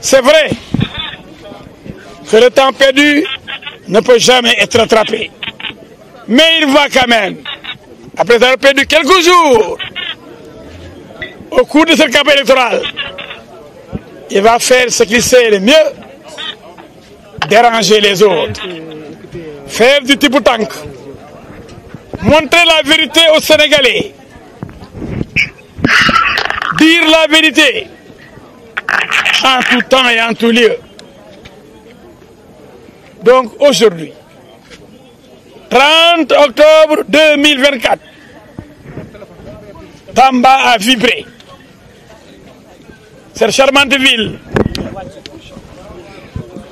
C'est vrai que le temps perdu ne peut jamais être rattrapé. Mais il va quand même, après avoir perdu quelques jours, au cours de ce camp électoral, il va faire ce qu'il sait le mieux, déranger les autres, faire du type tank, montrer la vérité aux Sénégalais, dire la vérité en tout temps et en tout lieu. Donc aujourd'hui, 30 octobre 2024, Tamba a vibré. Cette charmante ville,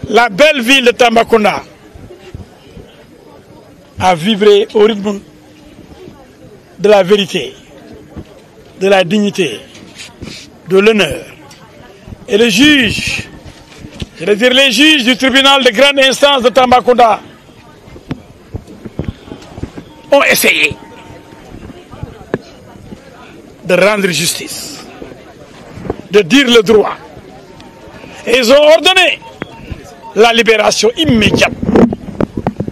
la belle ville de Kona a vibré au rythme de la vérité, de la dignité, de l'honneur, et les juges, je veux dire les juges du tribunal de grande instance de Tambacounda, ont essayé de rendre justice, de dire le droit. Et ils ont ordonné la libération immédiate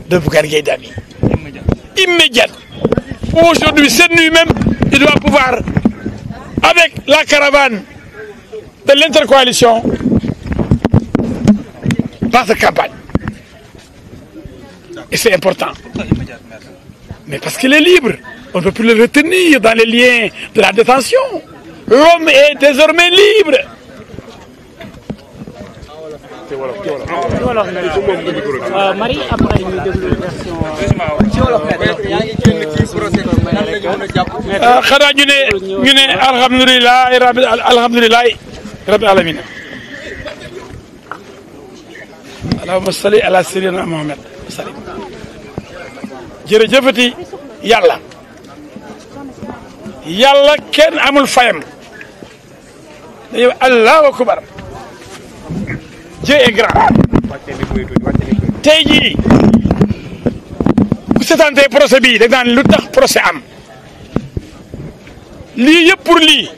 de Bougarier Dami. Immédiate. Aujourd'hui, cette nuit même, il doit pouvoir, avec la caravane de l'intercoalition dans cette campagne. Et c'est important. Mais parce qu'il est libre, on ne peut plus le retenir dans les liens de la détention. L'homme est désormais libre. رب العالمين اللهم صل على سيدنا محمد صلى جرجفتي يلا يلا كان امول فايم أيوة، الله اكبر جي اغرا تيجي ستان تي بروسي بي دا نان لوتاخ بروسي ام لي ييب بور لي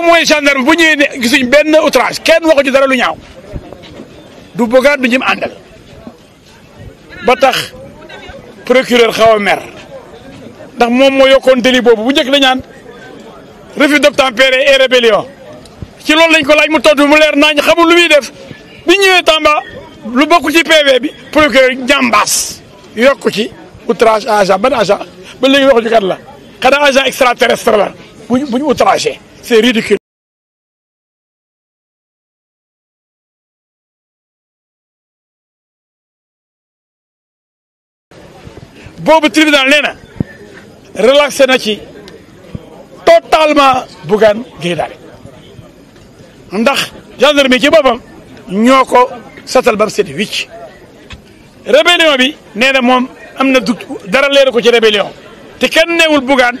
mooy gendarme bu ñëwee ne gisuñ benn outrage kenn waxu ci dara lu ñaaw du bëggaat du ñim àndal ba tax procureur xaw a ndax moom moo yokkoon délit boobu bu njëkk dañu naan refus d'obtempérer et rébellion ci loolu lañ ko laaj mu tontu mu leer naañ xamul lu muy def bi ñëwee Tamba lu bokk ci PV bi procureur jàmbaas yokku ci outrage à agent ban agent ba léegi waxuñu kat la xanaa agent extraterrestre la buñ buñ outragé c'est ridicule. boobu tribunal nee na relaxé na ci totalement Bougane Gueye Dany ndax gendarmerie ci boppam ñoo ko satal bam seti wicc rébellion bi nee na moom am na du dara leeru ko ci rébellion te kenn neewul Bougane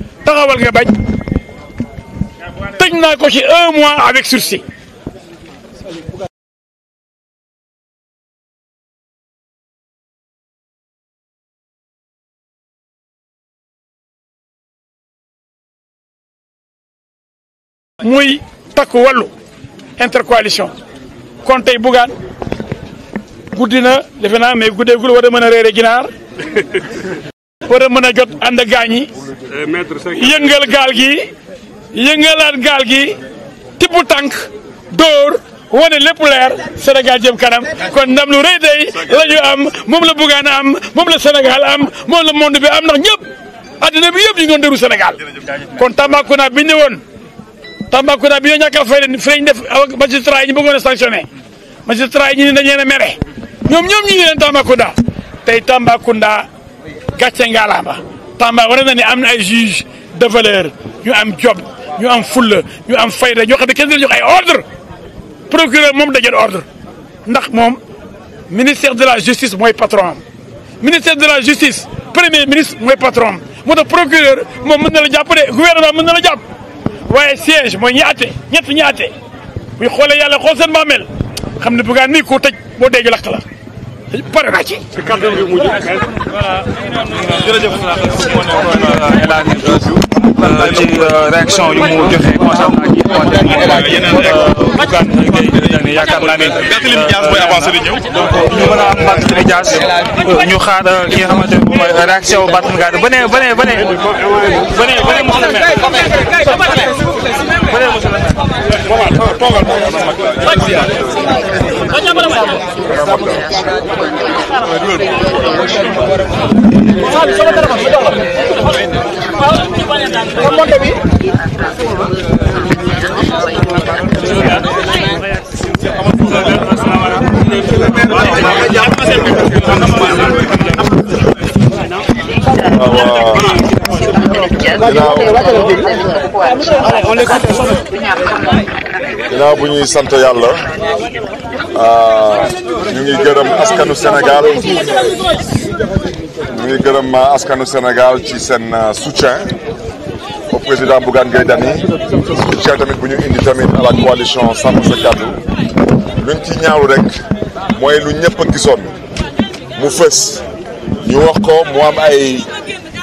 taxawal nga bañ tëj naa ko ci 1 mois avec sursis muy takku walu intercoalition kon tey bugaan guddi na defe naa mais guddeegul war a mën a réere ginaar war a mën a jot ànd gaañ yi euh, yëngal gaal gi yëngalaat gaal gi tibb tànk dóor wane lépp leer Sénégal kanam kon ndam lu rëy day la am moom la Bougane am moom la senegal am moom la monde bi am na ñëpp addina bi yëpp ñu ngi doon dëru Sénégal kon Tambacounda bi ñu woon Tambacounda bi ñoo ñàkk a fay leen fi lañ def magistrat yi ñu bëggoon a sanctionné magistrat yi ñu ne mere ñoom ñoom ñu ngi leen Tambacounda tey Tambacounda gàcce ngaalaama Tamba wala na ne am ay juge de valeur ñu am job ñu am full, ñu am fayda ñoo xam ne kenn du jox ay ordre procureur moom dajoon ordre ndax mom ministère de la justice moy patron ministère de la justice premier ministre moy patron Mo moo procureur mom mën na la japp de gouvernement mën na la japp. waaye siège moy ñiaté, ñet ñiaté. Bu xolé Yalla xol sen bàmmeel mel. ne bu ga ni ko tej bo dégg lak la pare na ci. ci kàddu gi mujj. voilà jërëjëf. ci réaction yu mu joxe concernant ak yi yi yaakaar naa ne. donc ñu mën a am Barthélémy Dias ñu xaar ki nga xamante ne moom mooy réaction Barthélémy Dias venez venez venez venez venez monsieur le maire venez monsieur le maire ginnaaw bu ñuy sant yàlla ah, ñu ngi gërëm askanu Sénégal ñu ngi gërëm askanu Sénégal ci seen ah, soutien au président Bougane Gueye Dany soutien tamit bu ñu indi tamit la coalition Sàmm Sa Kàddu luñ ci mooy lu ñëpp a gisoon mu fës ñu wax ko mu am ay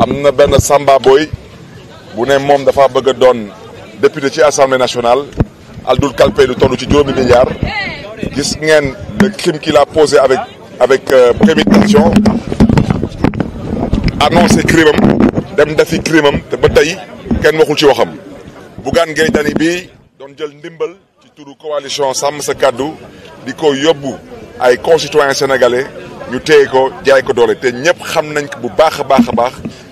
amna ben Samba Boy bu ne moom dafa bëgg doon député ci assemblée nationale aldul calpe lu toll ci juróomi milliard gis ngeen le crime qu'il a posé avec avec euh, préméditation annoncé crime am dem defi crime am te ba tay ken waxul ci waxam Bougane Gueye Dany bi doon jël ndimbal ci turu coalition sam sa kàddu diko yobbu ay concitoyens sénégalais ñu téyé ko jaay ko doole te ñëpp xam nañ ko bu baax a baax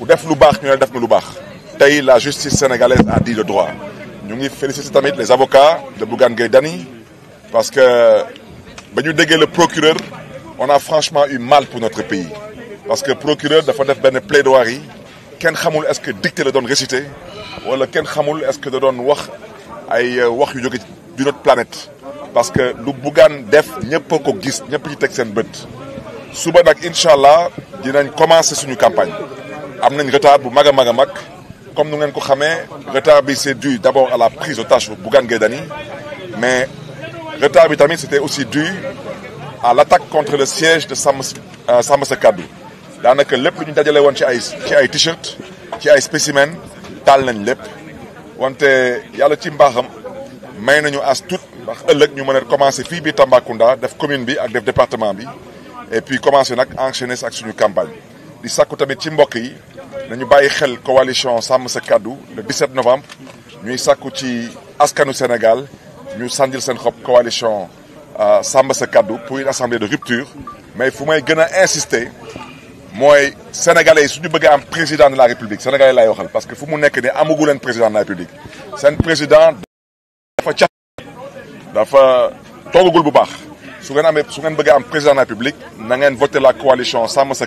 ou def lu baax ñu def la justice sénégalaise a dit le droit Nous félicitons féliciter les avocats de Bougane Gaydani, parce que nous ñu le procureur on a franchement eu mal pour notre pays parce que procureur dafa def une plaidoirie Ken est-ce que dicté la donne récité wala ken xamul est-ce que da donne wax ay euh, wax yu d'une autre planète parce que le Bougane def n'y a ko gis ñëpp ci teg seen bët suba nag incha allah dinañ commencer suñu campagne am nañ bu comme nu le ko le retard bi dû d'abord à la prise d'otage Bougane Bougan mais retard bi c'était aussi dû à l'attaque contre le siège de Sàmm euh, Sa lu ñu t spécimen nañ ci may as a def commune bi ak def département bi et puis commencer nag enchaîner ak suñu campagne di sàkku tamit ci mbokk yi nañu bàyyi xel coalition sàmm sa le 17 novembre ñuy sakku ci askanu Sénégal ñu sàndil seen xob coalition euh, sàmm sa pour une assemblée de rupture mais fu may gën a insister mooy sénégalais yi suñu bëgg am président de la république sénégalais lay waxal parce que fu mu nekk nii amagu président de la république un président dafa ca dafa toogagul bu baax su ngeen amee su ngeen bëggee am président de la république na ngeen voter la coalition sàmm sa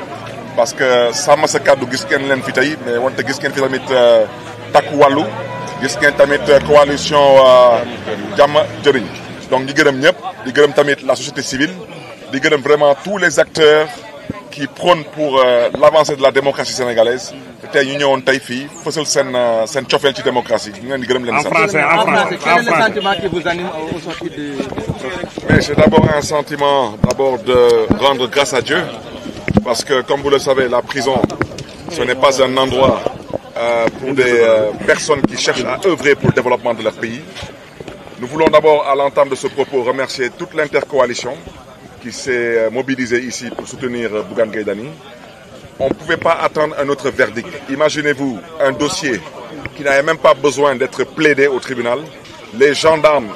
parce que sàmm sa kàddu gis ngeen len fi tay mais wante gis ngeen fi tamit euh, takku wàllu gis ngeen tamit euh, coalition euh, jàmm jëriñ donc di gërëm ñep di gërëm tamit la société civile di gërëm vraiment tous les acteurs qui prônent pour l'avancée de la démocratie sénégalaise tay ñu ñëwoon tey fii fësal sen seen cofeel ci démocratie ñu ngi leen di gërëm leen sant. en français en français quel est le sentiment qui vous anime au sortie de. mais c'est d'abord un sentiment d'abord de rendre grâce à Dieu parce que, comme vous le savez, la prison, ce n'est pas un endroit euh, pour des euh, personnes qui cherchent à œuvrer pour le développement de leur pays. Nous voulons d'abord, à l'entente de ce propos, remercier toute l'intercoalition qui s'est euh, mobilisée ici pour soutenir Bougan Gaidani. On ne pouvait pas attendre un autre verdict. Imaginez-vous un dossier qui n'avait même pas besoin d'être plaidé au tribunal. Les gendarmes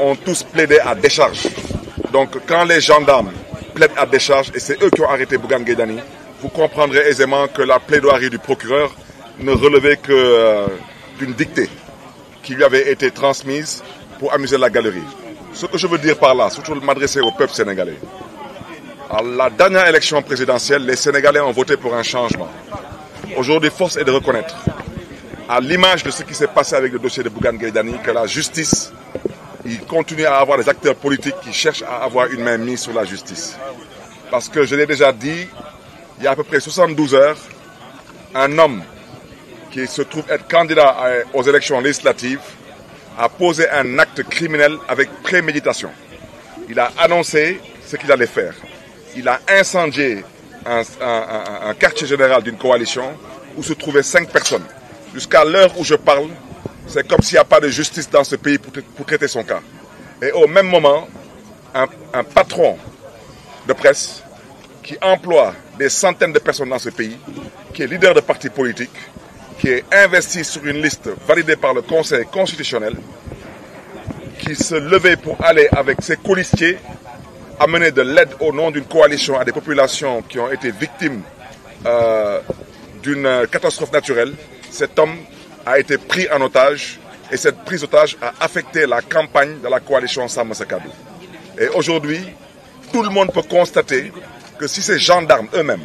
ont tous plaidé à décharge. Donc quand les gendarmes plaide à décharge et c'est eux qui ont arrêté Bougan Gaydani, vous comprendrez aisément que la plaidoirie du procureur ne relevait que euh, d'une dictée qui lui avait été transmise pour amuser la galerie. Ce que je veux dire par là, surtout m'adresser au peuple sénégalais. À la dernière élection présidentielle, les Sénégalais ont voté pour un changement. Aujourd'hui, force est de reconnaître, à l'image de ce qui s'est passé avec le dossier de Bougan Gaydani, que la justice il continue à avoir des acteurs politiques qui cherchent à avoir une main mise sur la justice. Parce que je l'ai déjà dit, il y a à peu près 72 heures, un homme qui se trouve être candidat aux élections législatives a posé un acte criminel avec préméditation. Il a annoncé ce qu'il allait faire. Il a incendié un, quartier général d'une coalition où se trouvaient cinq personnes. Jusqu'à l'heure où je parle, c'est comme s'il n'y a pas de justice dans ce pays pour, traiter son cas. Et au même moment, un, patron de presse qui emploie des centaines de personnes dans ce pays, qui est leader de parti politique, qui est investi sur une liste validée par le Conseil constitutionnel, qui se levait pour aller avec ses colistiers amener de l'aide au nom d'une coalition à des populations qui ont été victimes euh, d'une catastrophe naturelle. Cet homme a été pris en otage et cette prise d'otage a affecté la campagne de la coalition Samasakadou. Et aujourd'hui, tout le monde peut constater que si ces gendarmes eux-mêmes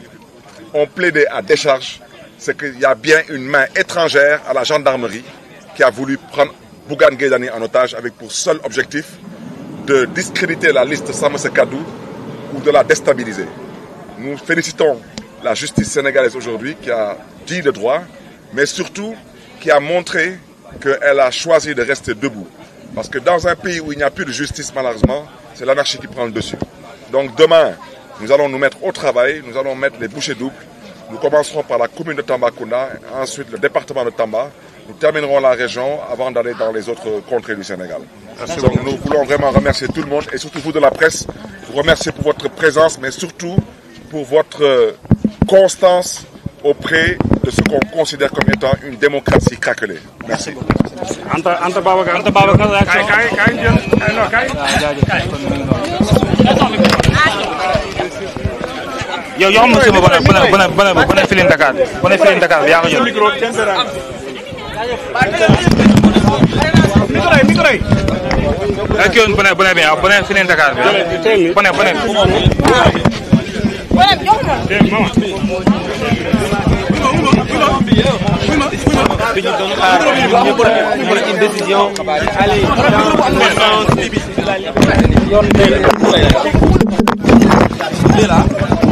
ont plaidé à décharge, c'est qu'il y a bien une main étrangère à la gendarmerie qui a voulu prendre Bougan Gaydani en otage avec pour seul objectif de discréditer la liste Samasakadou ou de la déstabiliser. Nous félicitons la justice sénégalaise aujourd'hui qui a dit le droit, mais surtout qui a montré qu'elle a choisi de rester debout. Parce que dans un pays où il n'y a plus de justice, malheureusement, c'est l'anarchie qui prend le dessus. Donc demain, nous allons nous mettre au travail, nous allons mettre les bouchées doubles. Nous commencerons par la commune de Tambacounda, ensuite le département de Tamba. Nous terminerons la région avant d'aller dans les autres contrées du Sénégal. nous voulons vraiment remercier tout le monde et surtout vous de la presse, vous remercier pour votre présence, mais surtout pour votre constance auprès ce qu'on considère comme étant une démocratie craquelée. Merci. bi ñu doon xaar ñu mën une décision allez yoon